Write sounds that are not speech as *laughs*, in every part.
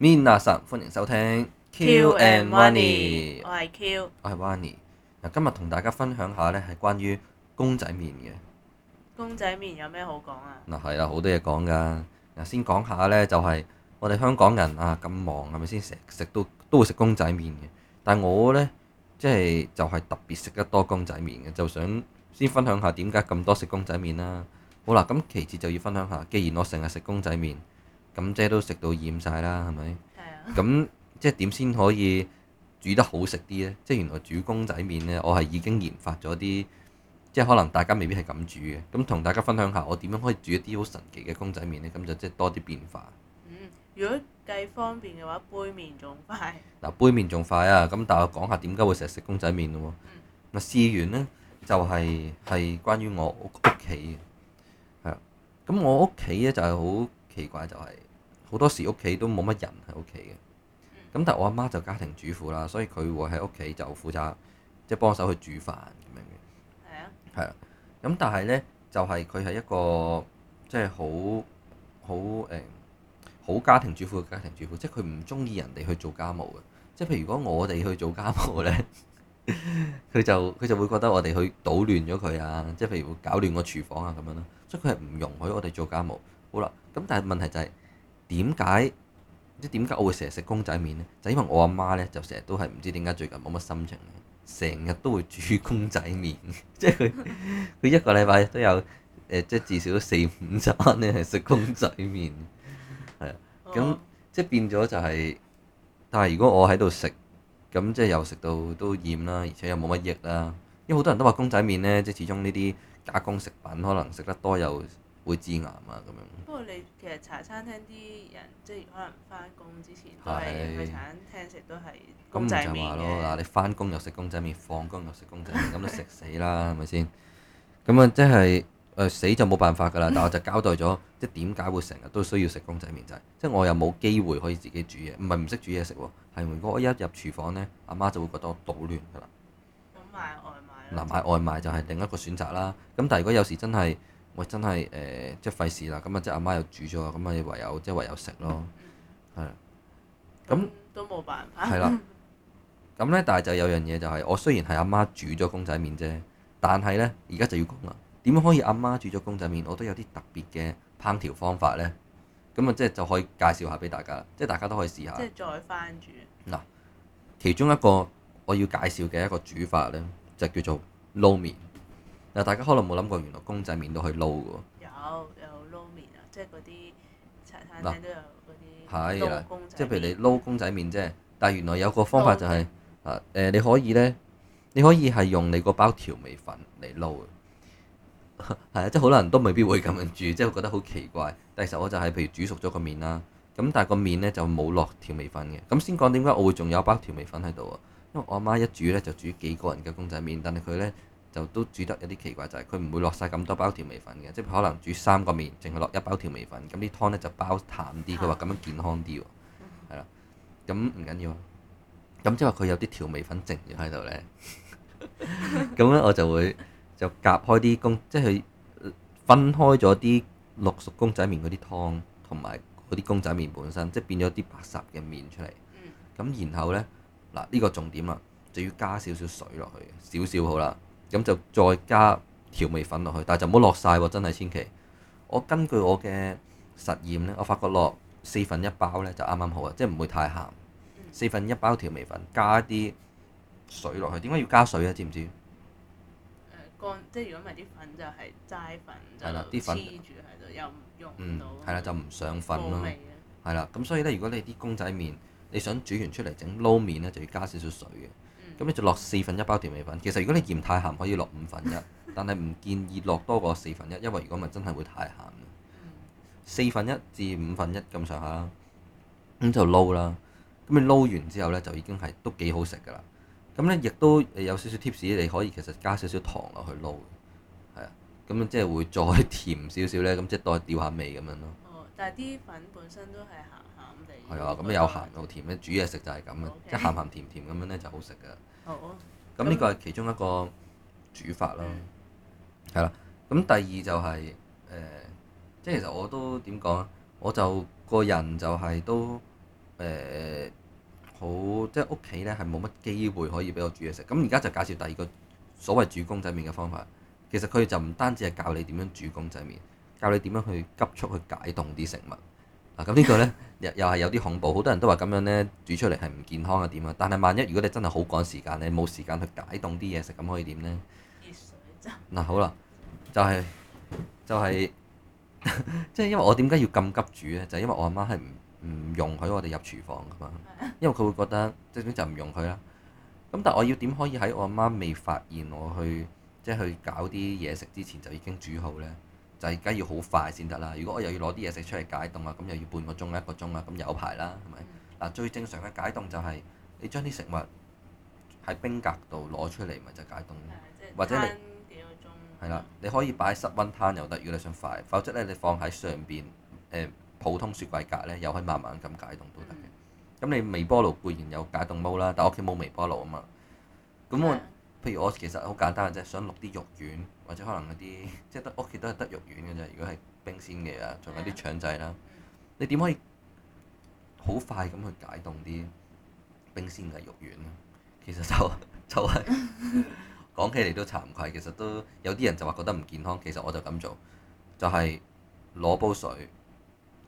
Mina，歡迎收聽。Q and Winnie 我係是 Q，我係 Winnie。嗱，今日同大家分享下呢係關於公仔麵嘅。公仔麵有咩好講啊？嗱，係啦，好多嘢講㗎。嗱，先講下呢就係我哋香港人啊，咁忙係咪先？食食都都會食公仔麵嘅。但係我呢，即係就係、是、特別食得多公仔麵嘅，就想先分享下點解咁多食公仔麵啦。好啦，咁其次就要分享下，既然我成日食公仔麵。咁即係都食到厭晒啦，係咪？係啊。咁即係點先可以煮得好食啲呢？即係原來煮公仔麵呢，我係已經研發咗啲，即係可能大家未必係咁煮嘅。咁同大家分享下，我點樣可以煮一啲好神奇嘅公仔麵呢？咁就即係多啲變化。嗯，如果計方便嘅話，杯麵仲快。嗱，杯麵仲快啊！咁但我講下點解會成日食公仔麵咯喎。嗯。試完呢，就係係關於我屋企嘅，咁我屋企咧就係好奇怪，就係。好多時屋企都冇乜人喺屋企嘅，咁但係我阿媽就家庭主婦啦，所以佢會喺屋企就負責即係幫手去煮飯咁樣嘅。係啊，係啦。咁但係咧，就係佢係一個即係好好誒好家庭主婦嘅家庭主婦，即係佢唔中意人哋去做家務嘅。即係譬如如果我哋去做家務咧，佢 *laughs* 就佢就會覺得我哋去搗亂咗佢啊，即係譬如會搞亂個廚房啊咁樣咯。即係佢係唔容許我哋做家務。好啦，咁但係問題就係。點解即係點解我會成日食公仔麵呢？就係、因為我阿媽，媽呢，就成日都係唔知點解最近冇乜心情，成日都會煮公仔麵， *laughs* 即係佢佢一個禮拜都有即、呃、至少四五餐呢係食公仔麵，係 *laughs* 啊。咁即係變咗就係、係，但係如果我喺度食，咁即係又食到都厭啦，而且又冇乜益啦。因為好多人都話公仔麵呢，即係始終呢啲加工食品，可能食得多又～會致癌啊！咁樣，不過你其實茶餐廳啲人，即係可能翻工之前都係去是茶餐廳食，都係咁就話咯。嗱，你翻工又食公仔麪，放工又食公仔麪，咁你食死啦，係咪先？咁啊，即係誒，死就冇辦法㗎啦。但我就交代咗 *laughs* 即係，點解會成日都需要食公仔麵，就係，即係我又冇機會可以自己煮嘢，唔係唔識煮嘢食喎。係，如果我一入廚房咧，阿媽就會覺得我搗亂㗎啦。嗱，買外賣就係另一個選擇啦。咁但係如果有時真係我真係誒、呃，即係費事啦。咁啊，即係阿媽又煮咗，咁咪唯有即係唯有食咯。係。咁都冇辦法。係啦。咁咧，但係、mm hmm. 就有樣嘢就係，我雖然係阿媽煮咗公仔麵啫，但係咧而家就要講啦。點樣可以阿媽煮咗公仔麵，我都有啲特別嘅烹調方法咧。咁啊，即係就可以介紹下俾大家，即係大家都可以試下。即係再翻煮。嗱，其中一個我要介紹嘅一個煮法咧，就叫做撈麵。嗱，大家可能冇諗過，原來公仔麵都可以撈嘅喎。有有撈麵啊，即係嗰啲茶餐廳都有啲撈公、啊、即係譬如你撈公仔麵啫。但係原來有個方法就係、是、麵啊誒，你可以咧，你可以係用你個包調味粉嚟撈嘅。啊， *laughs* 即係可能都未必會咁樣煮， *laughs* 即係覺得好奇怪。但其實我就係譬如煮熟咗個麵啦，咁但係個麵咧就冇落調味粉嘅。咁先講點解我會仲有包調味粉喺度啊？因為我阿媽一煮咧就煮幾個人嘅公仔麵，但係佢咧。就都煮得有啲奇怪，就係佢唔會落晒咁多包調味粉嘅，即係可能煮三個麵，淨係落一包調味粉，咁啲湯咧就包淡啲。佢話咁樣健康啲喎，係啦的，咁唔的緊要啊。咁即係話佢有啲調味粉剩咗喺度咧，咁咧 *laughs* 我就會就夾開啲公，即係佢分開咗啲六熟公仔麵嗰啲湯同埋嗰啲公仔麵本身，即係變咗啲白霎嘅麵出嚟。咁、嗯、然後咧嗱呢、這個重點啊，就要加少少，少水落去，少少，少好啦。咁就再加調味粉落去，但係就唔好落晒喎，真係千祈。我根據我嘅實驗咧，我發覺落四分一包咧就啱啱好啊，即係唔會太鹹。四分一包調味粉加一啲水落去，點解要加水啊？知唔知？誒，乾，即係如果唔係啲粉就係齋粉，就黐住喺度又唔溶到，係啦就唔上粉咯。係啦，咁所以咧，如果你啲公仔麵你想煮完出嚟整撈麵咧，就要加少少水嘅。咁你就落四分一包甜味粉，其實如果你嫌太鹹，可以落五分一， *laughs* 但係唔建議落多過四分一，因為如果咪真係會太鹹。 *laughs* 四分一至五分一咁上下啦，咁就撈啦。咁你撈完之後咧，就已經係都幾好食㗎啦。咁咧亦都有少少 tips，你可以其實加少少糖落去撈，係啊。咁樣即係會再甜少少咧，咁即係調下味咁樣咯。哦，但係啲粉本身都係鹹。係啊，咁又鹹又甜咧，煮嘢食就係咁啊，哦 okay. 即係鹹鹹甜甜咁樣咧就好食噶。好、哦。咁呢個係其中一個煮法咯，係啦、嗯。咁第二就係、是、誒、呃，即係其實我都點講啊？我就個人就係都誒、呃、好，即係屋企咧係冇乜機會可以俾我煮嘢食。咁而家就介紹第二個所謂煮公仔麵嘅方法。其實佢就唔單止係教你點樣煮公仔麵，教你點樣去急速去解凍啲食物。嗱，咁呢個呢，又又係有啲恐怖，好多人都話咁樣呢，煮出嚟係唔健康啊點啊？但係萬一如果你真係好趕時間，你冇時間去解凍啲嘢食，咁可以點呢？熱水、嗱、啊、好啦，就係、是、就係即係因為我點解要咁急煮呢？就係、因為我阿媽係唔唔容許我哋入廚房噶嘛，的因為佢會覺得即係點就唔、是、容許啦。咁但係我要點可以喺我阿媽未發現我去即係、就是、去搞啲嘢食之前就已經煮好呢？就係梗要好快先得啦！如果我又要攞啲嘢食出嚟解凍啊，咁又要半個鐘一個鐘啊，咁有排啦，係咪？嗱，嗯、最正常嘅解凍就係你將啲食物喺冰格度攞出嚟，咪就解凍。啊、或者你點係啦，你可以擺室溫攤又得，如果你想快；否則咧，你放喺上邊誒、呃、普通雪櫃格咧，又可以慢慢咁解凍都得嘅。咁、嗯、你微波爐固然有解凍 mode 啦，但係屋企冇微波爐啊嘛。咁我。譬如我其實好簡單嘅啫，想淥啲肉丸，或者可能嗰啲即係得屋企都係得肉丸嘅啫。如果係冰鮮嘅啊，仲有啲腸仔啦，你點可以好快咁去解凍啲冰鮮嘅肉丸咧？其實就就係講起嚟都慚愧，其實都有啲人就話覺得唔健康，其實我就咁做，就係攞煲水，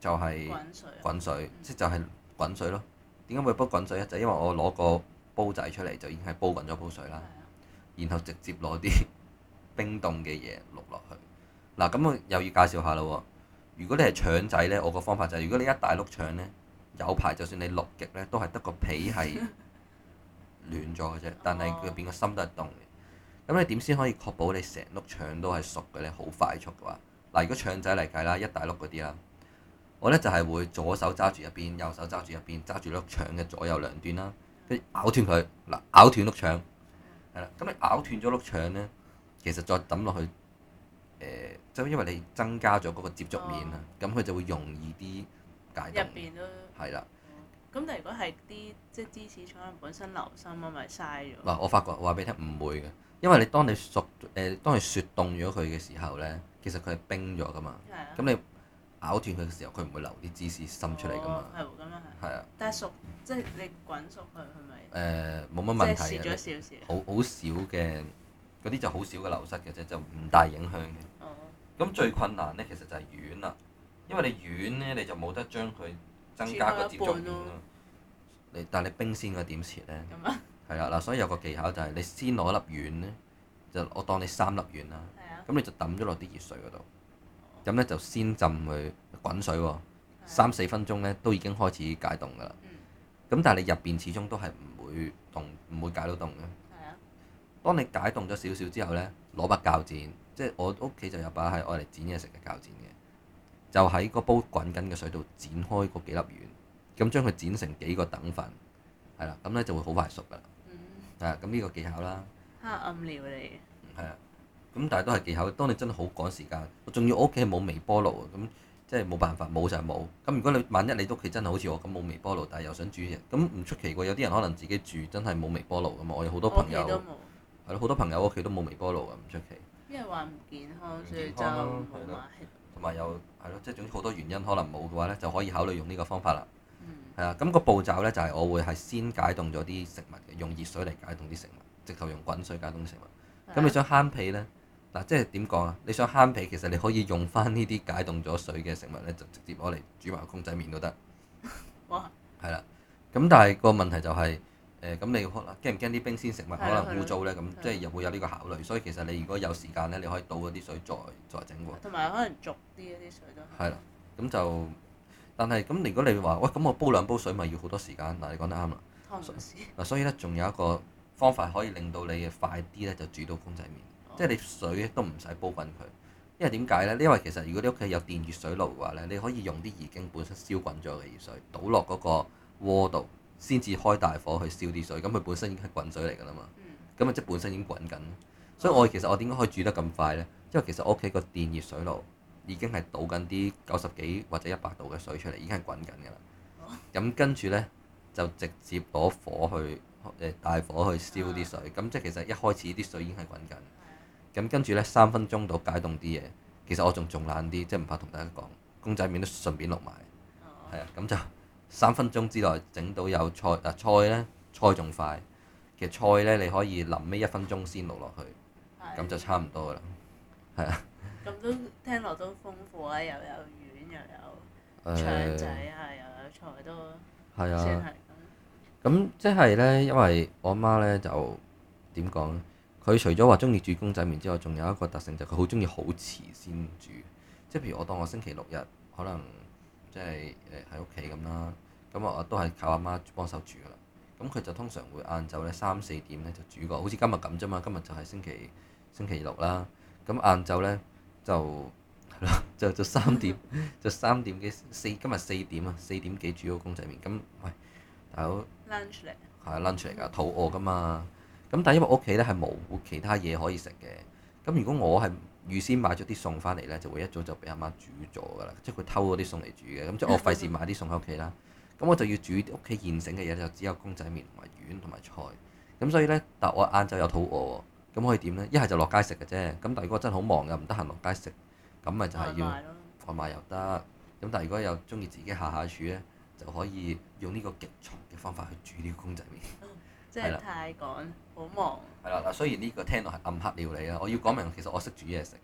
就係滾水，即就係滾水咯。點解會煲滾水咧？就係因為我攞個煲仔出嚟，就已經係煲滾咗煲水啦。然後直接攞啲冰凍嘅嘢淥落去。嗱，咁我又要介紹下啦喎。如果你係腸仔呢，我個方法就係、是：如果你一大碌腸呢，有排就算你淥極、哦、呢，都係得個皮係暖咗嘅啫。但係佢入邊個心都係凍嘅。咁你點先可以確保你成碌腸都係熟嘅呢？好快速嘅話，嗱，如果腸仔嚟計啦，一大碌嗰啲啦，我呢就係、是、會左手揸住一邊，右手揸住一邊，揸住碌腸嘅左右兩端啦，跟住咬斷佢，嗱咬斷碌腸。係啦，咁你咬斷咗碌腸咧，其實再抌落去，誒、呃，即係因為你增加咗嗰個接觸面啊，咁佢、哦、就會容易啲解。入邊咯。係啦了。咁、嗯、但係如果係啲即係芝士腸本身流心，我咪嘥咗。嗱，我發覺話俾你聽唔會嘅，因為你當你熟誒、呃，當你雪凍咗佢嘅時候咧，其實佢係冰咗噶嘛。係啊的。咁你。咬斷佢嘅時候，佢唔會留啲芝士滲出嚟噶嘛。係喎、哦，咁樣係。係啊。但係熟，即係你滾熟佢，係咪？誒、呃，冇乜問題嘅。即係蝕咗少少。好，好少嘅嗰啲就好少嘅流失嘅啫，就唔大影響嘅。咁、哦、最困難咧，其實就係軟啦，因為你軟咧，你就冇得將佢增加個接觸面咯。你但係你冰鮮嘅點切咧？咁啊。係啦，嗱，所以有個技巧就係你先攞一粒軟咧，就我當你三粒軟啦。係啊。咁 *laughs* 你就抌咗落啲熱水嗰度。咁咧就先浸佢滾水喎、哦，三四的分鐘咧都已經開始解凍㗎啦。咁、嗯、但係你入邊始終都係唔會凍，唔會解到凍嘅。係啊的。當你解凍咗少少之後咧，攞把鉸剪，即係我屋企就有把係愛嚟剪嘢食嘅鉸剪嘅，就喺個煲滾緊嘅水度剪開嗰幾粒丸，咁將佢剪成幾個等份，係啦，咁咧就會好快熟㗎啦。嗯。係啊，咁呢個技巧啦。嚇、嗯！暗料嚟嘅。係啊、嗯。咁但係都係技巧。當你真係好趕時間，仲要我屋企冇微波爐，咁即係冇辦法，冇就係冇。咁如果你萬一你屋企真係好似我咁冇微波爐，但係又想煮嘢，咁唔出奇喎。有啲人可能自己住真係冇微波爐啊嘛。我有好多朋友係咯，好多朋友屋企都冇微波爐啊，唔出奇。因為話唔健康，所以就同埋又係咯，即係總之好多原因可能冇嘅話咧，就可以考慮用呢個方法啦。嗯。係啊，咁個步驟咧就係我會係先解凍咗啲食物嘅，用熱水嚟解凍啲食物，直頭用滾水解凍食物。咁你想慳皮咧？嗱，即係點講啊？你想慳皮，其實你可以用返呢啲解凍咗水嘅食物咧，就直接攞嚟煮埋公仔麵都得。哇！係啦，咁但係個問題就係、是、誒，咁、呃、你驚唔驚啲冰鮮食物可能污糟咧？咁即係又會有呢個考慮。了所以其實你如果有時間咧，你可以倒嗰啲水再再整過。同埋可能淥啲嗰啲水都係。係啦，咁就但係咁，如果你話喂咁，我煲兩煲水咪、就是、要好多時間嗱，你講得啱啦匙。所以咧，仲有一個方法可以令到你嘅快啲咧，就煮到公仔麵。即係你水都唔使煲滾佢，因為點解呢？因為其實如果你屋企有電熱水爐嘅話呢，你可以用啲已經本身燒滾咗嘅熱水，倒落嗰個鍋度，先至開大火去燒啲水。咁佢本身已經係滾水嚟㗎啦嘛。咁啊、嗯，即係本身已經滾緊。所以我其實我點解可以煮得咁快呢？因為其實我屋企個電熱水爐已經係倒緊啲九十幾或者一百度嘅水出嚟，已經係滾緊㗎啦。咁跟住呢，就直接攞火去誒、呃、大火去燒啲水。咁、嗯、即係其實一開始啲水已經係滾緊。咁跟住呢，三分鐘到解凍啲嘢。其實我仲仲懶啲，即係唔怕同大家講，公仔麵都順便落埋。哦。係啊，咁就三分鐘之內整到有菜。但菜呢，菜仲快。其實菜呢，你可以臨尾一分鐘先落落去，咁就差唔多㗎喇。係啊。咁都聽落都豐富啊！又有丸又有腸仔啊，又有菜都算啊，咁。咁即係呢，因為我媽呢，就點講呢？佢除咗話中意煮公仔麵之外，仲有一個特性，就佢好中意好遲先煮。即係譬如我當我星期六日可能即係誒喺屋企咁啦，咁啊我都係靠阿媽幫手煮噶啦。咁佢就通常會晏晝咧三四點咧就煮個，好似今日咁啫嘛。今日就係星期星期六啦。咁晏晝咧就係咯，就就三點就三點幾四，今日四點啊，四點幾煮個公仔麵。咁喂，大佬，lunch 嚟，係啊，lunch 嚟㗎，肚餓㗎嘛。咁但係因為屋企咧係冇其他嘢可以食嘅，咁如果我係預先買咗啲餸返嚟咧，就會一早就俾阿媽煮咗㗎啦，即係佢偷嗰啲餸嚟煮嘅，咁即係我費事買啲餸喺屋企啦，咁我就要煮屋企現成嘅嘢，就只有公仔麵同埋丸同埋菜，咁所以咧，但我晏晝又肚餓喎，咁可以點咧？一係就落街食嘅啫，咁但如果真係好忙嘅，唔得閒落街食，咁咪就係要外賣又得，咁但係如果有中意自己下下廚咧，就可以用呢個極重嘅方法去煮啲公仔麵。即係太趕，好忙。係啦，嗱，雖然呢個聽落係暗黑料理啊，我要講明，其實我識煮嘢食。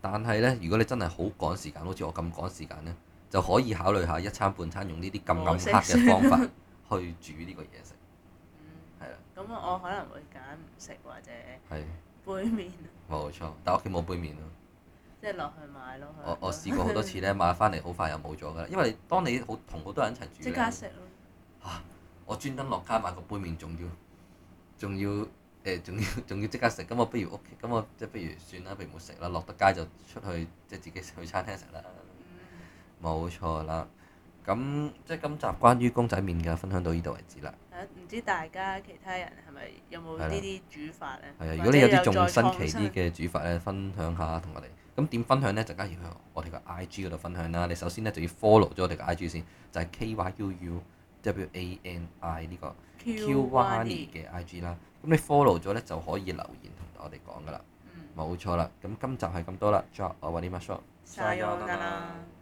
但係呢，如果你真係好趕時間，好似我咁趕時間呢，就可以考慮下一餐半餐用呢啲咁暗黑嘅方法去煮呢個嘢食。嗯。係啦。咁我可能會揀唔食或者杯麵。冇錯，但係屋企冇杯麵咯。即係落去買落去。我我試過好多次呢，買翻嚟好快又冇咗㗎啦，因為當你好同好多人一齊煮。即刻食咯。我專登落街買個杯麪，仲要仲要誒，仲、欸、要仲要即刻食。咁我不如屋，企，咁我即不如算啦，不如唔食啦。落得街就出去，即自己去餐廳食啦。冇、嗯、錯啦。咁即今集關於公仔麪嘅分享到呢度為止啦。唔知大家其他人係咪有冇呢啲煮法咧？係啦。如果你有啲仲新奇啲嘅煮法咧，分享下同我哋。咁點分享咧？就而家喺我哋個 I G 嗰度分享啦。你首先咧就要 follow 咗我哋個 I G 先，就係、是、kyuu。W A N I 呢，這個 Q Wanie 嘅 I G 啦，咁你 follow 咗咧就可以留言同我哋講噶啦，冇錯啦。咁今集係咁多啦，之後我揾你 message，bye bye 啦。見見